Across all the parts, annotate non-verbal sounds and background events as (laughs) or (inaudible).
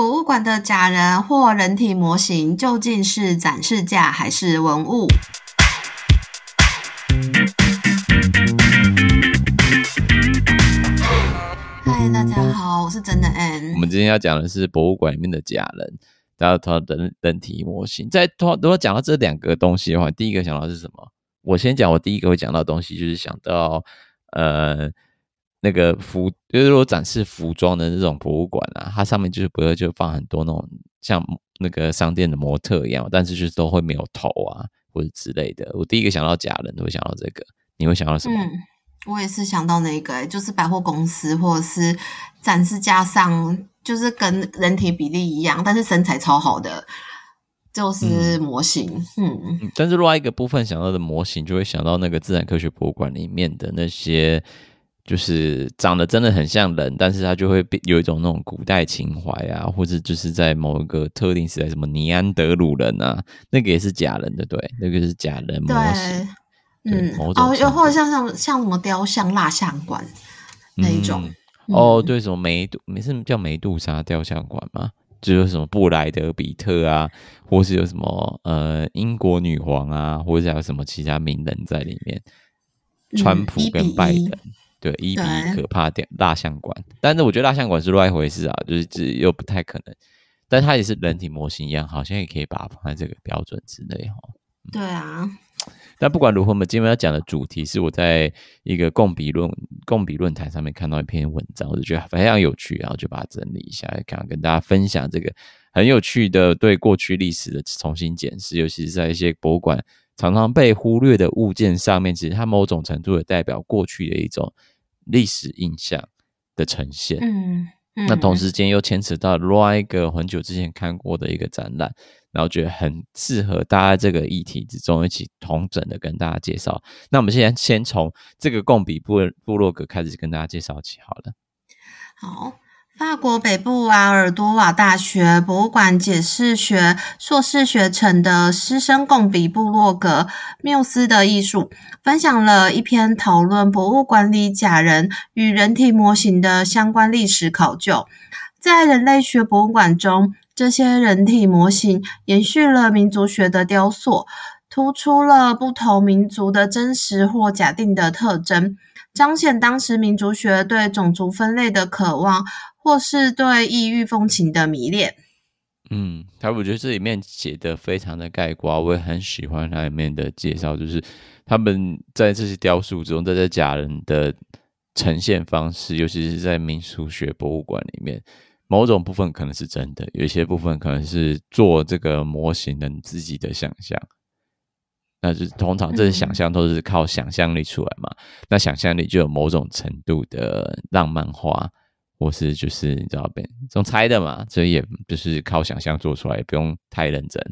博物館的假人或人體模型究竟是展示架還是文物？嗨， (music) Hi, 大家好，我是真的 Ann。我們今天要講的是博物館裡面的假人，大家說人人體模型。在通如果講到這兩個東西的話，我第一個想到的是什麼？我先講，我第一個會講到的東西就是想到呃。那個服，就是說展示服裝的那種博物館啊，它上面就是不會就放很多那種像那個商店的模特一樣，但是就是都會沒有頭啊或者之類的。我第一個想到假人都會想到這個，你會想到什麼？嗯，我也是想到那個、欸，就是百貨公司或者是展示架上，就是跟人體比例一樣，但是身材超好的就是模型。嗯，嗯。但是另外一個部分想到的模型，就會想到那個自然科學博物館裡面的那些，就是長得真的很像人，但是他就會有一種那種古代情懷啊，或者就是在某一個特定時代，什麼尼安德魯人啊，那個也是假人的，對，那個是假人模式，對對嗯某種，哦，或者像像像什麼雕像蠟像館那一種、嗯？哦，對，什麼梅杜，沒事叫梅杜莎雕像館嗎，就是什麼布萊德比特啊，或是有什麼呃英國女皇啊，或者還有什麼其他名人在裡面，川普跟拜登。嗯1對，一比一可怕點蠟像館，但是我覺得蠟像館是另外一回事啊，就是就又不太可能，但它也是人體模型一樣，好像也可以把它放在這個標準之內哈。對啊，那不管如何，我們今天要講的主題是我在一個共筆論共筆論壇上面看到一篇文章，我就覺得非常有趣，然後就把它整理一下，想跟大家分享這個很有趣的對過去歷史的重新檢視，尤其是在一些博物館常常被忽略的物件上面，其實它某種程度也代表過去的一種。歷史印象的呈現，嗯，嗯，那同時間又牽扯到另外一個很久之前看過的一個展覽，然後我覺得很適合搭在這個議題之中一起統整的，跟大家介紹。那我們現在先從這個共筆部部落格開始跟大家介紹起好了。好。法國北部阿爾多瓦大學博物館解釋學碩士學成的師生共筆部落格繆斯的藝術分享了一篇討論博物館裡假人與人體模型的相關歷史考究。在人類學博物館中，這些人體模型延續了民族學的雕塑，突出了不同民族的真實或假定的特徵，彰顯當時民族學對種族分類的渴望。或是對異域風情的迷戀，嗯，他我覺得這裡面寫的非常的概括，我也很喜歡他裡面的介紹，就是他們在這些雕塑之中，在這些假人的呈現方式，尤其是在民俗學博物館裡面，某種部分可能是真的，有一些部分可能是做這個模型的你自己的想象，那就是通常這些想象都是靠想象力出來嘛，嗯，那想象力就有某種程度的浪漫化。我是就是你知道唄，總猜的嘛，所以也就是靠想象做出來，不用太認真。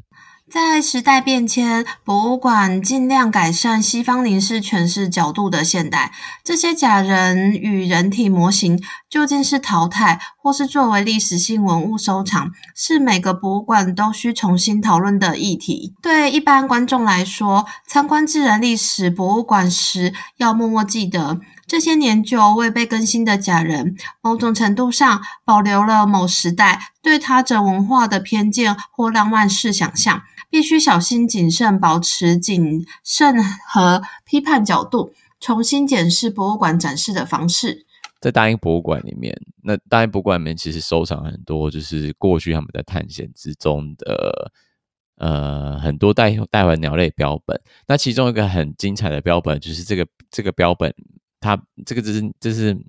在時代變遷，博物館儘量改善西方凝視詮釋角度的現代，這些假人與人體模型究竟是淘汰，或是作為歷史性文物收藏，是每個博物館都需重新討論的議題。對一般觀眾來說，參觀自然歷史博物館時，要默默記得。這些年久未被更新的假人，某種程度上保留了某時代對他者文化的偏見或浪漫式想象，必須小心謹慎，保持謹慎和批判角度，重新檢視博物館展示的方式。在大英博物館裡面，那大英博物館裡面其實收藏很多，就是過去他們在探險之中的，呃，很多帶帶回鳥類標本。那其中一個很精彩的標本，就是這個這個標本。它這個就是就是鳥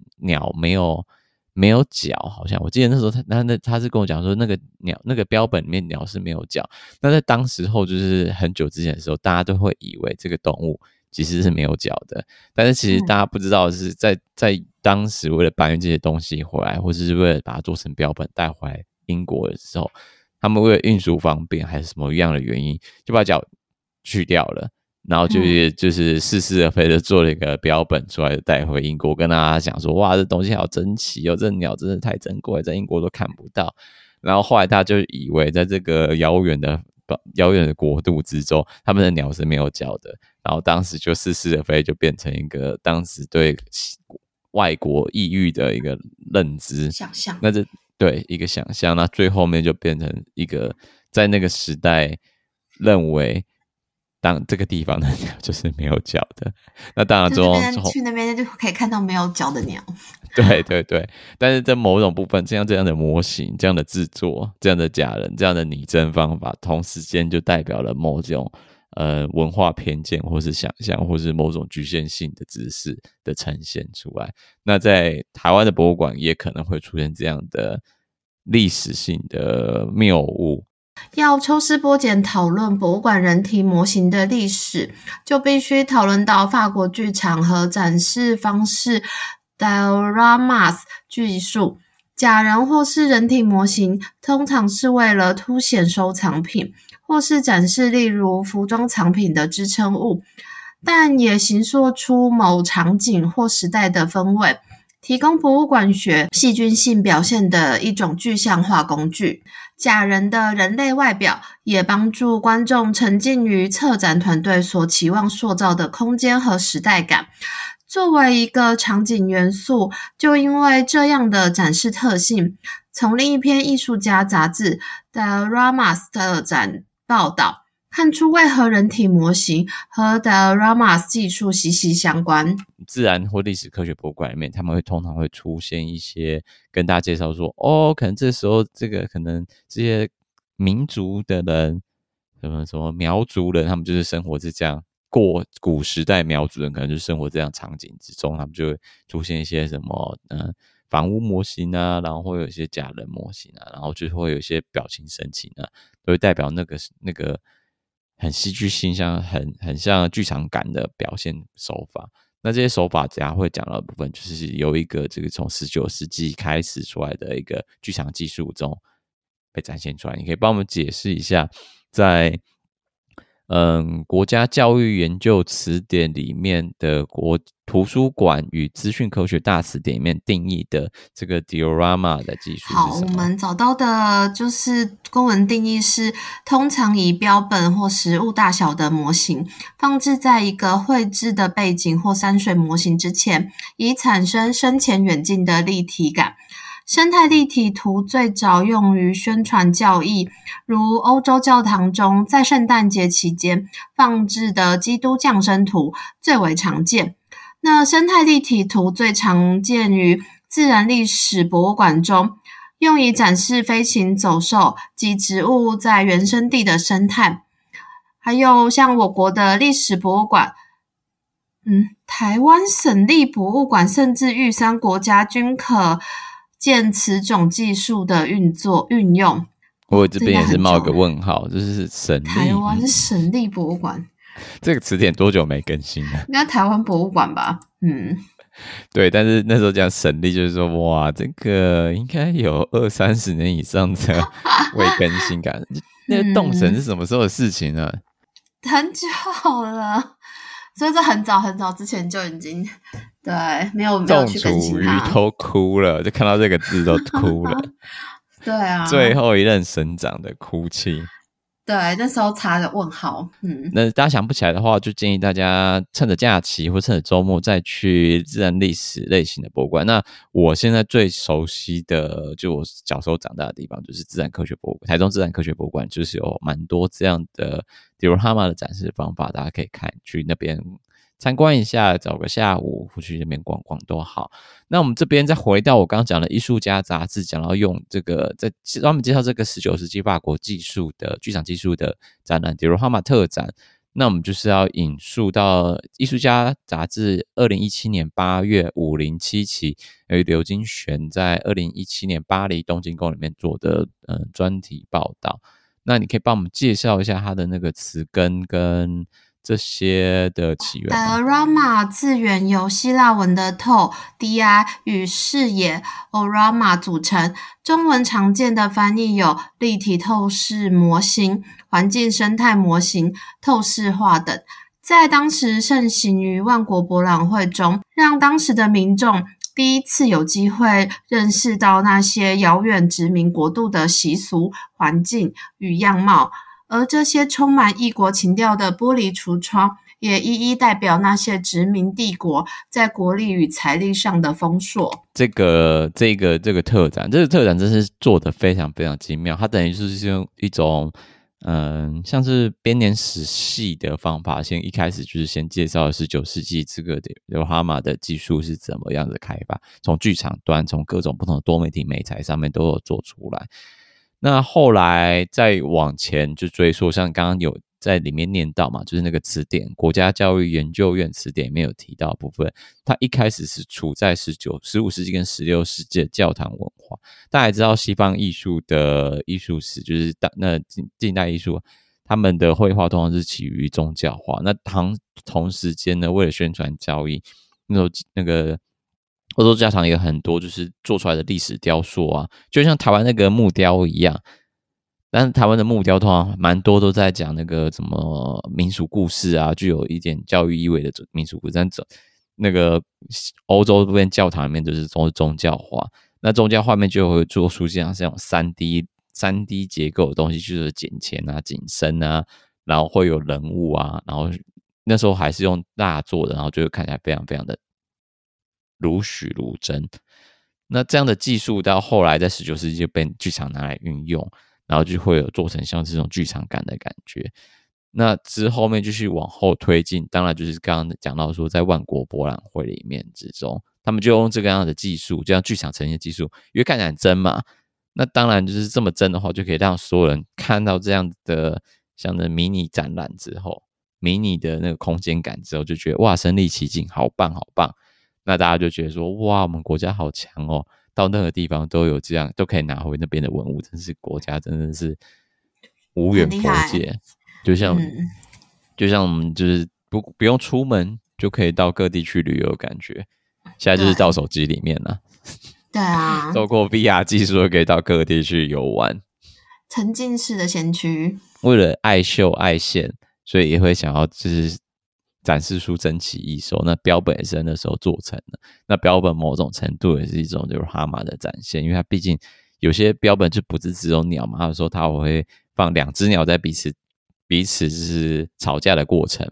沒有沒有腳，好像我記得那時候他他那他是跟我講說那個鳥那個標本裡面鳥是沒有腳，那在當時候就是很久之前的時候，大家都會以為這個動物其實是沒有腳的，但是其實大家不知道的是，在在當時為了搬運這些東西回來，或者是為了把它做成標本帶回來英國的時候，他們為了運輸方便還是什麼樣的原因，就把腳去掉了。然後就、嗯、就是似是而非的做了一個標本出來，帶回英國，跟大家講說：哇，這東西好珍奇哦，這鳥真的太珍貴，在英國都看不到。然後後來大家就以為，在這個遙遠的遙遠的國度之中，他們的鳥是沒有腳的。然後當時就似是而非，就變成一個當時對外國異域的一個認知想象，那這對一個想象。那最後面就變成一個在那個時代認為。當這個地方的鳥就是沒有腳的， (laughs) 那當然，中間去那邊就可以看到沒有腳的鳥。 (laughs) 對對對，但是在某種部分，這樣這樣的模型、這樣的製作、這樣的假人、這樣的擬真方法，同時間就代表了某種呃文化偏見，或是想象，或是某種侷限性的知識的呈現出來。那在台灣的博物館，也可能會出現這樣的歷史性的謬誤。要抽絲剝繭討論博物館人體模型的歷史，就必須討論到法國劇場和展示方式 （dioramas） 技術。假人或是人體模型通常是為了凸顯收藏品，或是展示例如服裝藏品的支撐物，但也形塑出某場景或時代的氛圍，提供博物館學戲劇性表現的一種具象化工具。假人的人類外表也幫助觀眾沉浸於策展團隊所期望塑造的空間和時代感。作為一個場景元素，就因為這樣的展示特性，從另一篇藝術家雜誌的 Diorama 特展報道，看出為何人體模型和 Dioramas 技術息息相關。自然或歷史科學博物館裡面，他們會通常會出現一些跟大家介紹說：“哦，可能這時候這個可能這些民族的人，什麼什麼苗族人，他們就是生活在這樣過古時代苗族人，可能就生活這樣場景之中，他們就會出現一些什麼嗯、呃、房屋模型啊，然後會有一些假人模型啊，然後就會有一些表情神情啊，都會代表那個那個。”很戲劇性像，像很很像劇場感的表現手法。那這些手法，等下會講到的部分，就是由一個這個從十九世紀開始出來的一個劇場技術中被展現出來。你可以幫我們解釋一下，在。嗯，國家教育研究詞典裡面的《國圖書館與資訊科學大詞典》裡面定義的這個 Diorama 的技術。好，我們找到的就是公文定義是：通常以標本或實物大小的模型放置在一個繪製的背景或山水模型之前，以產生深淺遠近的立體感。生態立體圖最早用於宣傳教義，如歐洲教堂中在聖誕節期間放置的基督降生圖最為常見。那生態立體圖最常見於自然歷史博物館中，用以展示飛禽走獸及植物在原生地的生態。還有像我國的歷史博物館，嗯，台灣省立博物館，甚至玉山國家均可，建此種技術的運作運用，我這邊也是冒個問號，就是省立。台灣省立博物館、嗯、這個詞典多久沒更新了？應該台灣博物館吧？嗯，對。但是那時候講省立，就是說，哇，這個應該有二三十年以上的未更新感。 (laughs) 那個凍省是什麼時候的事情啊、嗯？很久了，所以在很早很早之前就已經。對，沒有沒有去動主魚都哭了，就看到這個字都哭了。 (laughs) 對啊。最後一任省長的哭泣。對，那時候查了問號，嗯。那大家想不起來的話，就建議大家趁着假期或趁着周末再去自然歷史類型的博物館。那我現在最熟悉的，就我小時候長大的地方，就是自然科學博物館。台中自然科學博物館就是有蠻多這樣的。Diorama 的展示方法，大家可以看去那邊參觀一下，找個下午去那邊逛逛多好。那我們這邊再回到我剛剛講的《藝術家雜誌》，講到用這個在專門介紹這個十九世紀法國技術的劇場技術的展覽，Diorama 特展，那我們就是要引述到《藝術家雜誌》二零一七年八月五零七期，由於劉金璇在二零一七年巴黎東京宮裡面做的嗯、呃、專題報道那你可以幫我們介紹一下它的那個詞根跟這些的起源。Diorama 字源由希臘文的透 （di） 與視野 （orama） 組成，中文常見的翻譯有立體透視模型、環境生態模型、透視畫等。在當時盛行於萬國博覽會中，讓當時的民眾。第一次有機會認識到那些遙遠殖民國度的習俗、環境與樣貌，而這些充滿異國情調的玻璃櫥窗，也一一代表那些殖民帝國在國力與財力上的豐碩。這個、這個、這個特展，這個特展真是做得非常非常精妙，它等於是用一種。嗯，像是編年史系的方法，先一開始就是先介紹19世紀這個 Diorama 的技術是怎麼樣子開發，從劇場端，從各種不同的多媒體媒材上面都有做出來。那後來再往前就追溯，像剛剛有。在裡面念到嘛，就是那個詞典，國家教育研究院詞典裡面有提到的部分。它一開始是處在十九、十五世紀跟十六世紀的教堂文化。大家還知道西方藝術的藝術史，就是大，那近近代藝術，他們的繪畫通常是起於宗教畫，那唐同，同時間呢，為了宣傳教義，那時候那個歐洲教堂也有很多就是做出來的歷史雕塑啊，就像台灣那個木雕一樣。但是台灣的木雕通常蠻多都在講那個什麼民俗故事啊，具有一點教育意味的這民俗故事。但這那個歐洲這邊教堂裡面都是宗宗教畫，那宗教畫面就會做出像這種三 D 三 D 結構的東西，就是景片啊、景深啊，然後會有人物啊，然後那時候還是用蠟做的，然後就會看起來非常非常的如許如真。那這樣的技術到後來在十九世紀就被劇場拿來運用。然後就會有做成像這種劇場感的感覺。那之後面就繼續往後推進，當然就是剛剛講到說，在萬國博覽會裡面之中，他們就用這個樣的技術，就像劇場呈現的技術，因為看起來很真嘛。那當然就是這麼真的話，就可以讓所有人看到這樣的像那迷你展覽之後，迷你的那個空間感之後，就覺得哇，身臨其境，好棒，好棒。那大家就覺得說，哇，我們國家好強哦。到那個地方都有這樣，都可以拿回那邊的文物，真是國家，真的是無遠弗屆。就像、嗯、就像我們就是不不用出門，就可以到各地去旅遊的感覺。現在就是到手機裡面了，對啊， (laughs) 透過 VR 技術可以到各地去遊玩，沉浸式的先驅。為了愛秀愛現，所以也會想要就是。展示出珍奇異獸，那標本本身的時候做成的。那標本某種程度也是一種就是哈馬的展現，因為它畢竟有些標本就不是這種鳥嘛，它有時候它會放兩隻鳥在彼此彼此就是吵架的過程，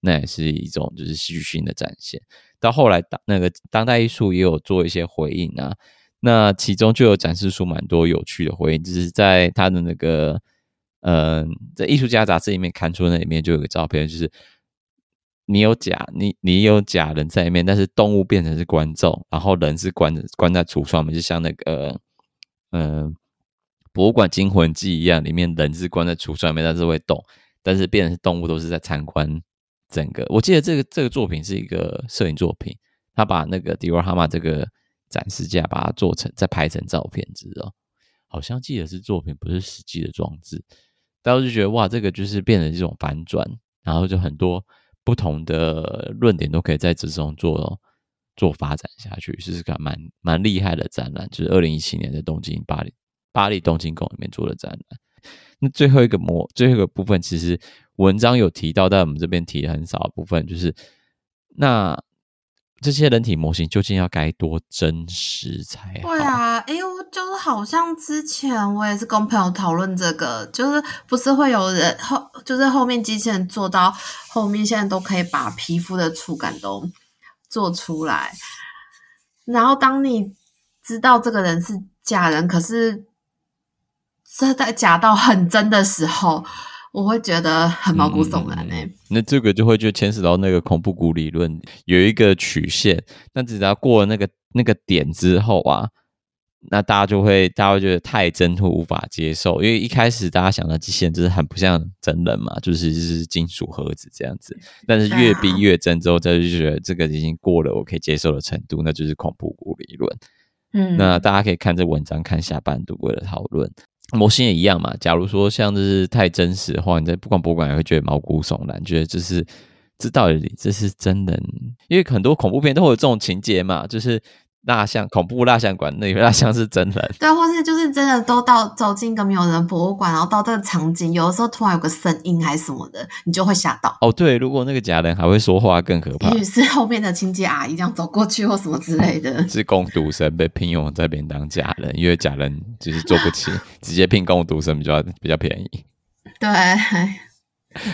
那也是一種就是戲劇性的展現。到後來當那個當代藝術也有做一些回應啊，那其中就有展示出蠻多有趣的回應，就是在他的那個嗯、呃，在藝術家雜誌裡面看出那裡面就有個照片，就是。你有假，你你有假人在裡面，但是動物變成是觀眾，然後人是關關在櫥窗裡面，就像那個嗯、呃、博物館驚魂記一樣，裡面人是關在櫥窗裡面，但是會動，但是變成是動物都是在參觀整個。我記得這個這個作品是一個攝影作品，他把那個 Diorama 這個展示架把它做成再拍成照片，知道？好像記得是作品，不是實際的裝置。大家就覺得哇，這個就是變成這種反轉，然後就很多。不同的論點都可以在這中做做發展下去，就是一個蠻蠻厲害的展覽，就是二零一七年的東京巴黎巴黎東京宮裡面做的展覽。那最後一個模，最後一個部分，其實文章有提到，但我們這邊提的很少的部分，就是那。這些人體模型究竟要該多真實才好？對啊，哎、欸，呦，就是好像之前我也是跟朋友討論這個，就是不是會有人後，就是後面機器人做到後面，現在都可以把皮膚的觸感都做出來。然後當你知道這個人是假人，可是這在假到很真的時候，我會覺得很毛骨悚然哎、欸。嗯嗯嗯嗯嗯那這個就會就牽扯到那個恐怖谷理論，有一個曲線，但只要過了那個那個點之後啊，那大家就會大家會覺得太真或無法接受，因為一開始大家想到機器人就是很不像真人嘛，就是就是金屬盒子這樣子，但是越逼越真之後，他就覺得這個已經過了我可以接受的程度，那就是恐怖谷理論。嗯，那大家可以看這文章看下半段的討論。模型也一樣嘛，假如說像這是太真實的話，你在不管博物館也會覺得毛骨悚然，你覺得這是這到底，這是真的？因為很多恐怖片都會有這種情節嘛，就是。蠟像恐怖蠟像館，那個蠟像是真人，對，或是就是真的都到走進一個沒有人博物館，然後到這個場景，有的時候突然有個聲音還是什麼的，你就會嚇到。哦，對，如果那個假人還會說話，更可怕。也許是後面的清潔阿姨這樣走過去或什麼之類的，是工讀生被聘用在邊當假人，因為假人就是做不起， (laughs) 直接聘工讀生比較比較便宜。對，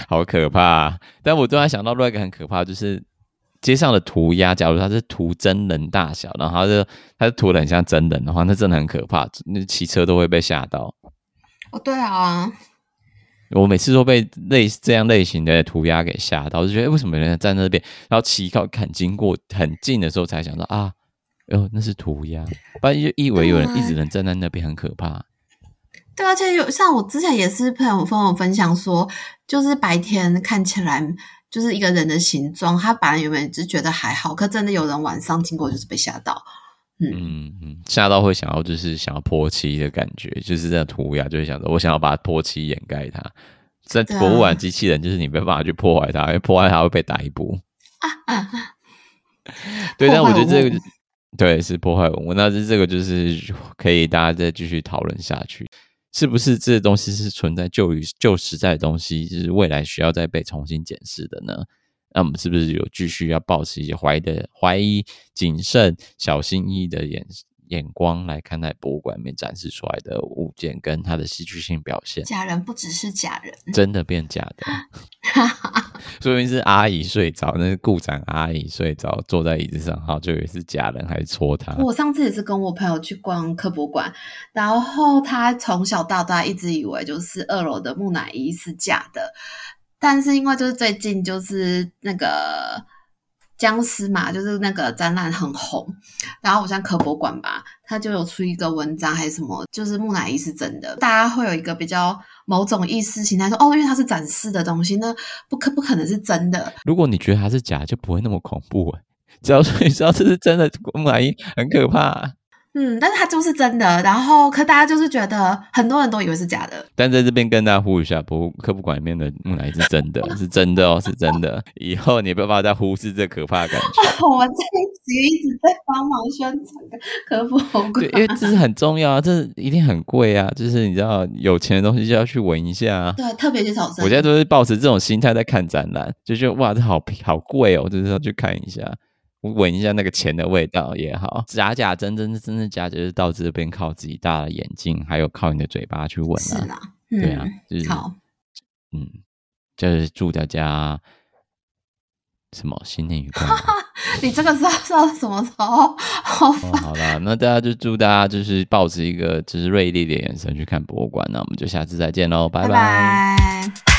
好可怕啊。但我突然想到另外一個很可怕，就是。街上的塗鴉，假如它是塗真人大小，然後它就它就塗得很像真人的話，那真的很可怕。那騎車都會被嚇到。哦，對啊，我每次都被類這樣類型的塗鴉給嚇到，我就覺得、欸、為什麼有人在那邊？然後騎到看經過很近的時候，才想到啊，喲，那是塗鴉，不然就以為有人一直能站在那邊，很可怕。對、啊，而且有，像我之前也是朋友跟我分享說，就是白天看起來。就是一個人的形狀，他本來原本就覺得還好，可真的有人晚上經過就是被嚇到，嗯嗯，嚇到會想要就是想要潑漆的感覺，就是在塗鴉就會想到我想要把它潑漆掩蓋它。在博物館機器人就是你沒辦法去破壞它，因為破壞它會被逮捕，啊啊。對，但我覺得這個對是破壞文物，那這這個就是可以大家再繼續討論下去。是不是這東西是存在舊於舊實在的東西，就是未來需要再被重新檢視的呢？那我們是不是有繼續要保持一些懷疑、懷疑、謹慎、小心翼翼的眼眼光來看待博物館裡面展示出來的物件跟它的戲劇性表現？假人不只是假人，真的變假的。 (laughs) 左邊是阿姨睡着，那是顧展阿姨睡着，坐在椅子上。好，就以為是假人還是戳他？我上次也是跟我朋友去逛科博館，然後他從小到大一直以為就是二樓的木乃伊是假的，但是因為就是最近就是那個。僵屍嘛，就是那個展覽很紅，然後我像科博館吧，他就有出一個文章，還是什麼，就是木乃伊是真的，大家會有一個比較某種意識形態說，哦，因為它是展示的東西，那不可不可能是真的。如果你覺得它是假，就不會那麼恐怖。只要說你知道這是真的木乃伊，很可怕啊。嗯，但是他就是真的，然後可，大家就是覺得很多人都以為是假的。但在這邊跟大家呼籲一下，博物科普館裡面的木乃伊是真的， (laughs) 是真的哦，是真的。以後你不要再忽視這可怕的感覺。 (laughs) 我們在一起一直在幫忙宣傳科普館，因為這是很重要啊，這一定很貴啊，就是你知道有錢的東西就要去聞一下啊。對，特別是早，我現在都是抱持這種心態在看展覽，就覺得哇，這好好貴哦，就是要去看一下。我聞一下那個錢的味道也好，假假真真，真的假就是到這邊靠自己大的眼睛，還有靠你的嘴巴去聞了、啊嗯。對啊、就是，好，嗯，就是祝大家什麼新年愉快。 (laughs) 你這個時候說什麼時候好煩。好了、哦，那大家就祝大家就是抱着一個就是銳利的眼神去看博物館、啊。那我們就下次再見嘍，拜拜。拜拜。